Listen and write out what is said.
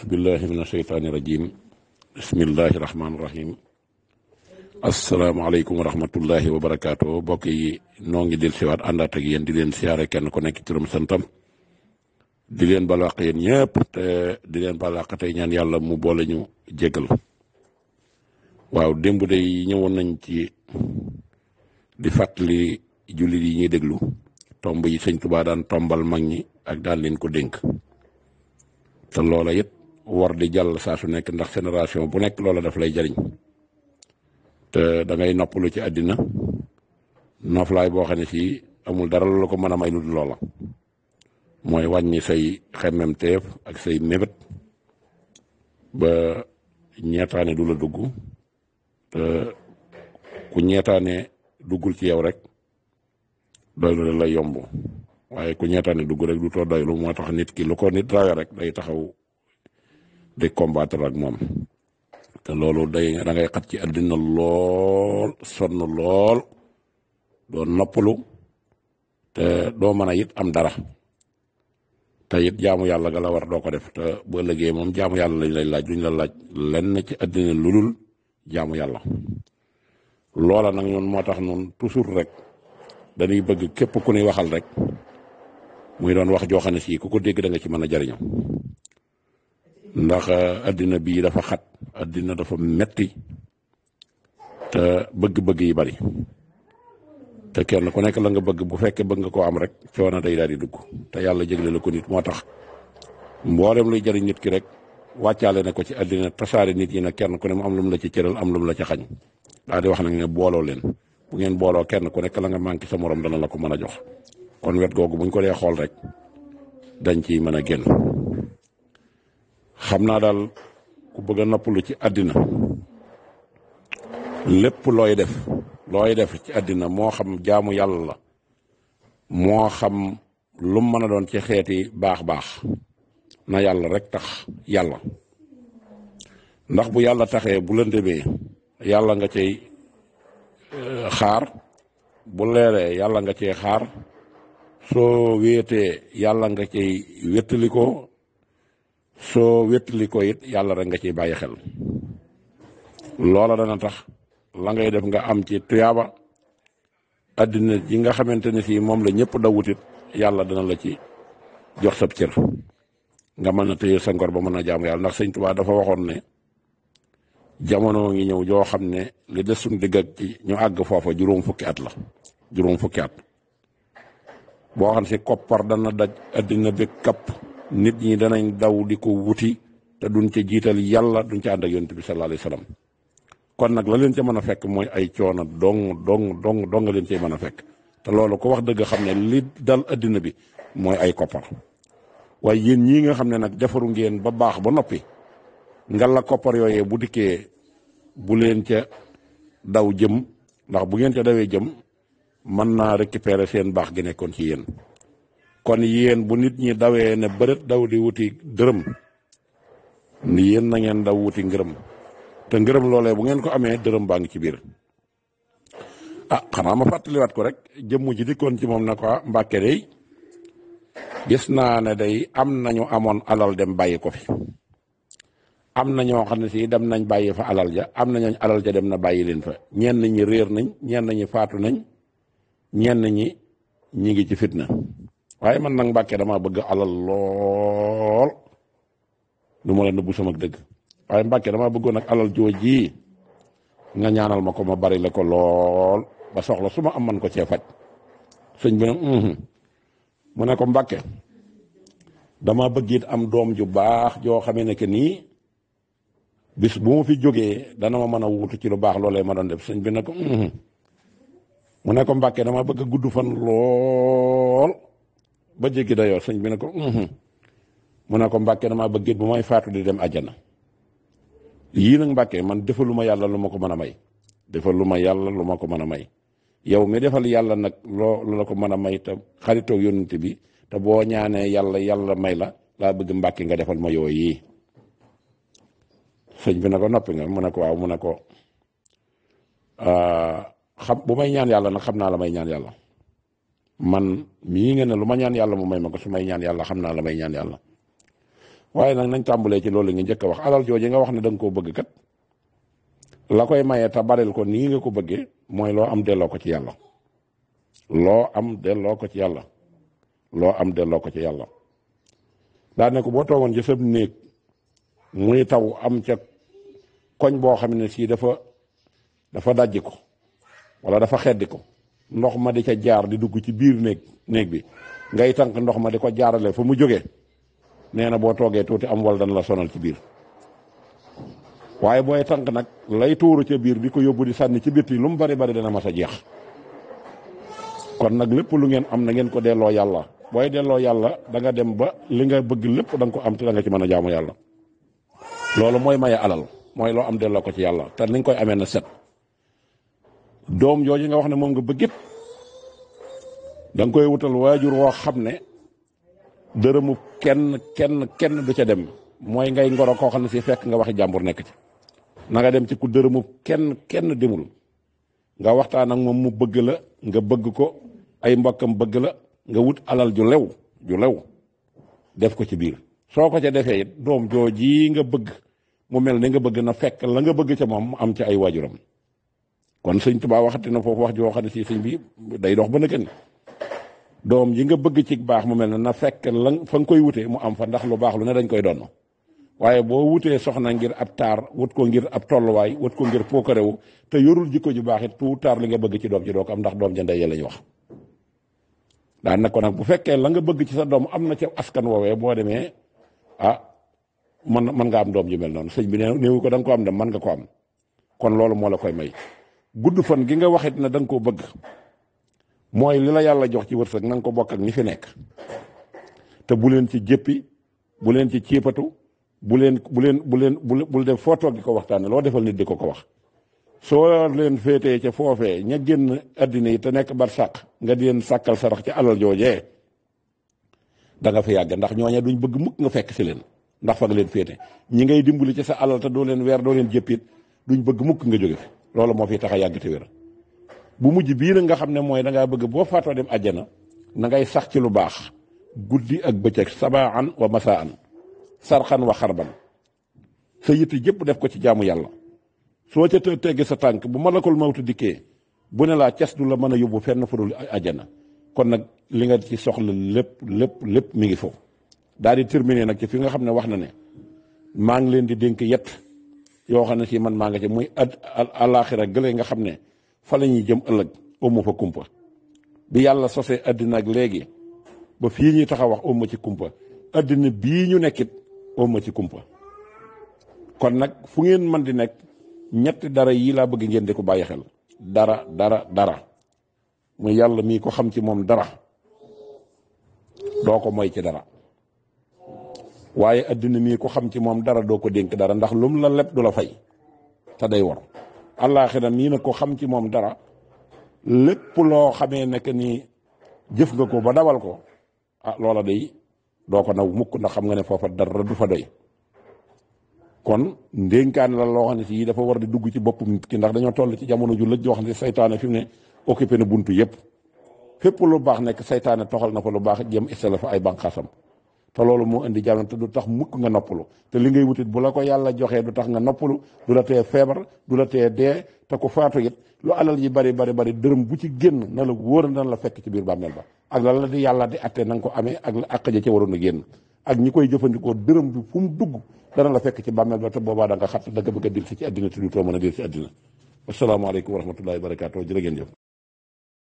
أعوذ بالله من الشيطان الرجيم بسم الله الرحمن الرحيم asalaamaaleykum wa rahmatullahi wa barakaatu mbokk yi noo ngi del siwaat àndaat ak yéen di leen siyaare kenn ku nekk turam santam di leen balaq yéen ñëpp te di leen balaq tey ñaan yàlla mu boole ñu jégal waaw démb de ñëwoon nañ ci di fàttali jullit yi ñuy déglu tomb yi sëñ Tuubaa daan tombal mag ñi ak daan leen ko dénk te loola it war di jàll saa su nekk ndax génération bu nekk loola daf lay jariñ te dangay ngay noppalu ci àddina noflaay boo xam ne si amul dara lu ko mën a may lu dul loola mooy wàññi say xemmemteef ak say mébét ba ñeetaane du la dugg te ku ñeetaane duggul ci yow rek doylu da lay yomb waaye ku ñeetaane dugg rek du too doylu moo tax nit ki lu ko nit rawee rek day taxaw di combattre ak moom te loolu day da ngay xat ci àddina lool sonn lool doon noppalu te doo mën a it am dara te it jaamu yàlla ga la war doo ko def te bu ëllëgee moom jaamu yàlla lañ lay laaj duñ la laaj lenn ci àddina lu dul jaamu yàlla loola nag ñun moo tax ñun toujours rek dañuy bëgg képp ku ñuy waxal rek muy doon wax joo xam ne sii ku ko dégg danga ci mën a jariñoo ndax euh, addina bii dafa xat addina dafa metti te bëgg-bëgg yi bari te kenn ku nekk la nga bëgg bu fekkee bëgg nga koo am rek coono day daal di dugg te yàlla jégle la ko nit moo tax mboolem luy jëriñ nit ki rek wàccaale ne ko ci addina tasaare nit yi na kenn ku ne am lu mu la ci am lu la ci xañ daal wax nag ne booloo leen bu ngeen booloo kenn ku nekk la nga manqué sa morom dana la ko mën a jox kon wet googu buñ ko dee xool rek dañ ciy mën a génn xam naa daal ku bëgg a noppalu ci àddina lépp looy def looy def ci àddina moo xam jaamu yàlla la moo xam lu mën a doon ci xeeti baax-baax na yàlla rek tax yàlla ndax bu yàlla taxee bu lëndëmee yàlla nga cay euh, xaar bu leeree yàlla nga cee xaar soo wéetee yàlla nga cay wéttalikoo soo wétali ko it yàlla rek nga ciy bàyyi xel loola dana tax la ngay def nga am ci tuyaaba addina ji nga xamante ne sii moom la ñëpp dawutit yàlla dana la ci jox sab cër nga mën a téye sa ngor ba mën a jaamu yàlla ndax sëñ Tuubaa dafa waxoon ne jamono ngi ñëw joo xam ne la des suñ digg ak ci ñu àgg foofa juróom fukki at la juróom fukki at boo xam si koppar dana daj addina bi kapp nit ñi danañ daw di ko wuti te duñ ca jiital yàlla duñ ca ànd yoon ti bi sallallahu alayhi wa kon nag la leen ca mën a fekk mooy ay coono dong dong dong dong leen cee mën a fekk te loolu ko wax dëgg xam ne li dal addina bi mooy ay koppar waaye yéen ñii nga xam ne nag defaru ngeen ba baax ba noppi la koppar yooyee bu dikkee bu leen ca daw jëm ndax bu ngeen ca dawee jëm mën naa récupérer seen baax gi nekkoon ci yéen kon yéen bu nit ñi dawee ne bërët daw di wuti dërëm ni yéen na ngeen daw wuti ngërëm te ngërëm loole bu ngeen ko amee dërëm baa ngi ci biir ah xanaa ma fàttaliwaat ko rek jëmm ji dikkoon ci moom na ko ah, mbàkke day gis naa ne day am nañu amoon alal dem bàyyi ko am na ñoo xam ne si dem nañ bàyyi fa alal ja am na alal ja dem na bàyyi leen fa ñenn ñi réer nañ ñenn ñi faatu nañ ñenn ñi ñi ngi ci fitna waaye man nag mbakke damaa bëgg alal lool lu ma la nëbbu sama dëgg waaye mbakke damaa bëggoon nag alal jooji nga ñaanal ma ko ma bari la ko lool ba soxla su ma am man ko cee faj sëñ bi nag mhm. ne ko Mbàkke dama bëgg am doom ju baax joo xamee ne que nii bis bu ma fi mën a wuutu ci lu baax loolee ma def sëñ bi mhm. ne ko mu ne dama bëgg gudd fan lool ba jéggi dayoo sëñ bi ne ko mu na ko mbàkke damaa bëggit bu may faatu di dem àjjana yii nag mbàkke man defaluma yàlla lu ma ko mën a may defaluma yàlla lu ma ko mën a may yow mi defal yàlla nag loo la ko mën a may te xaritoog yónnante bi te boo ñaanee yàlla yàlla may la laa bëgg mbàkke nga defal ma yooyu yii sëñ bi ne ko noppi nga mu ne ko mu ne ko xam bu may ñaan yàlla nag xam naa la may ñaan yàlla man mii nga ne lu ma ñaan yàlla mu may ma ko su may ñaan yàlla xam naa la may ñaan yàlla waaye nag nañ tàmbalee ci loolu nga njëkk a wax alal jooju nga wax ne da koo bëgg kat koy maye ta bareel ko nii nga ko bëggee mooy loo am delloo ko ci yàlla loo am delloo ko ci yàlla loo am delloo ko ci yàlla daa ne ko boo toogoon ci sab néeg muy taw am ca koñ boo xam ne sii dafa dafa dajji ko wala dafa xeddi ko ndox ma di ca jaar di dugg ci biir néeg néeg bi ngay tanq ndox ma di ko jaarale fa mu jóge nee na boo toogee tuuti am wal dan la sonal ci biir waaye booy tanq nag lay tuuru ca biir di ko yóbbu di sànni ci bitti lu mu bari bari dana mas a jeex kon nag lépp lu ngeen am na ngeen ko delloo yàlla booy delloo yàlla danga dem ba li nga bëgg lépp da ko am te da nga ci mën a jaamu yàlla loolu mooy maye alal mooy loo am delloo ko ci yàlla te ni koy amee set doom jooju nga wax ne moom nga bëgg it da koy wutal waajur woo xam ne dërëmu kenn kenn kenn du ca dem mooy ngay ngoro koo xam ne si fekk nga waxi jàmbur nekk ci na nga dem ci ku dërëmu kenn kenn demul nga waxtaan ak moom mu bëgg la nga bëgg ko ay mbokkam bëgg la nga wut alal ju lew ju lew def ko ci biir soo ko ca defee it doom joo ji nga bëgg mu mel ni nga bëgg na fekk la nga bëgg ca moom mu am ci ay waajuram kon sëñ Tuubaa waxati na foofu wax joo xam ne si sëñ bi day dox ba na kenn doom ji nga bëgg ci baax mu mel ne na fekk la fa nga koy wutee mu am fa lu baax lu ne dañ koy doon waaye boo wutee soxna ngir ab taar wut ko ngir ab tolluwaay wut ko ngir pookarewu te yorul jikko ju baax it tuut taar li nga bëgg ci doom ji doo ko am ndax doom ja ndey lañu na nag bu fekkee la nga bëgg ci sa doom am na ca askan woowee boo demee ah man mën nga am doom ju mel noonu sëñ bi néew ko da nga ko am de mën nga ko am kon loolu moo la koy may gudd fan gi nga waxit ne da koo bëgg mooy li la yàlla jox ci wërsëg sag nga ko bokk ak ñi fi nekk te bu leen ci jéppi bu leen ci ciipatu bu leen bu leen bu leen bul def foo di ko waxtaane loo defal nit di ko ko wax soo leen féetee ci foofee ña génn àddina yi te nekk bar sàq nga di leen sàkkal sarax ci alal joojee danga fi yàgg ndax ñooña duñ bëgg mukk nga fekk si leen ndax fa nga leen féete ñi ngay dimbali ci sa alal te doo leen weer doo leen jëppit duñ bëgg mukk nga jóge loolu moo fi tax a yàgg te wér bu mujj bii nag nga xam ne mooy da bëgg boo faatoo dem àjjana na ngay sax ci lu baax guddi ak bëccëg sabaan wa masaan sarxan wa xarban sa yitti jëpp def ko ci jaamu yàlla soo ca teggi sa tànk bu malakul mawtu dikkee bu ne laa cas du la mën a yóbbu fenn fu dul àjjana kon nag li nga ci soxla lépp lépp lépp mi ngi foofu daal di terminer nag ci fi nga xam ne wax na ne maa ngi leen di dénk yett yoo xam ne ci man maa nga ci muy at alaaxira gële nga xam ne fa la ñuy jëm ëllëg ëmma fa kumpa bi yàlla sosee àddina ak léegi ba fii ñuy taxaw wax ëmma ci kumpa àddina bii ñu nekkit ëmma ci kumpa kon nag fu ngeen mën di nekk ñetti dara yii laa bëgg ngeen di ko bàyyi xel dara dara dara muy yàlla mii ko xam ci moom dara doo ko moy ci dara waaye adduna mii ku xam ci moom dara doo ko dénk dara ndax lum la leb du la fay te day war allaaxira mii nag ko xam ci moom dara lépp loo xamee nekk nii jëf nga ko ba dawal ko ah loola day doo ko naw mukk ndax xam nga ne foofa dara du fa doy kon ndénkaan la loo xam ne si dafa war di dugg ci boppam nit ki ndax dañoo toll ci jamono ju lëj joo xam ne saytaane fi mu ne occupé na buntu yëpp fépp lu baax nekk seytaane toxal na fa lu baax jëm istala fa ay bànqaasam te loolu moo indi jàmm te du tax mukk nga noppalu te li ngay wutit bu la ko yàlla joxee du tax nga noppalu du la tee feebar du la tee dee te ko faatu it lu alal yi bari bari bari dërëm bu ci génn na la wóor na la fekk ci biir bàmmeel ba ak la la di yàlla di atte na ko amee ak la àq ja ca waroon a génn ak ñi koy jëfandikoo dërëm bi fu mu dugg dana la fekk ci bàmmeel ba te boobaa da nga xat bëgg a dil si ci àddina te du too a dil si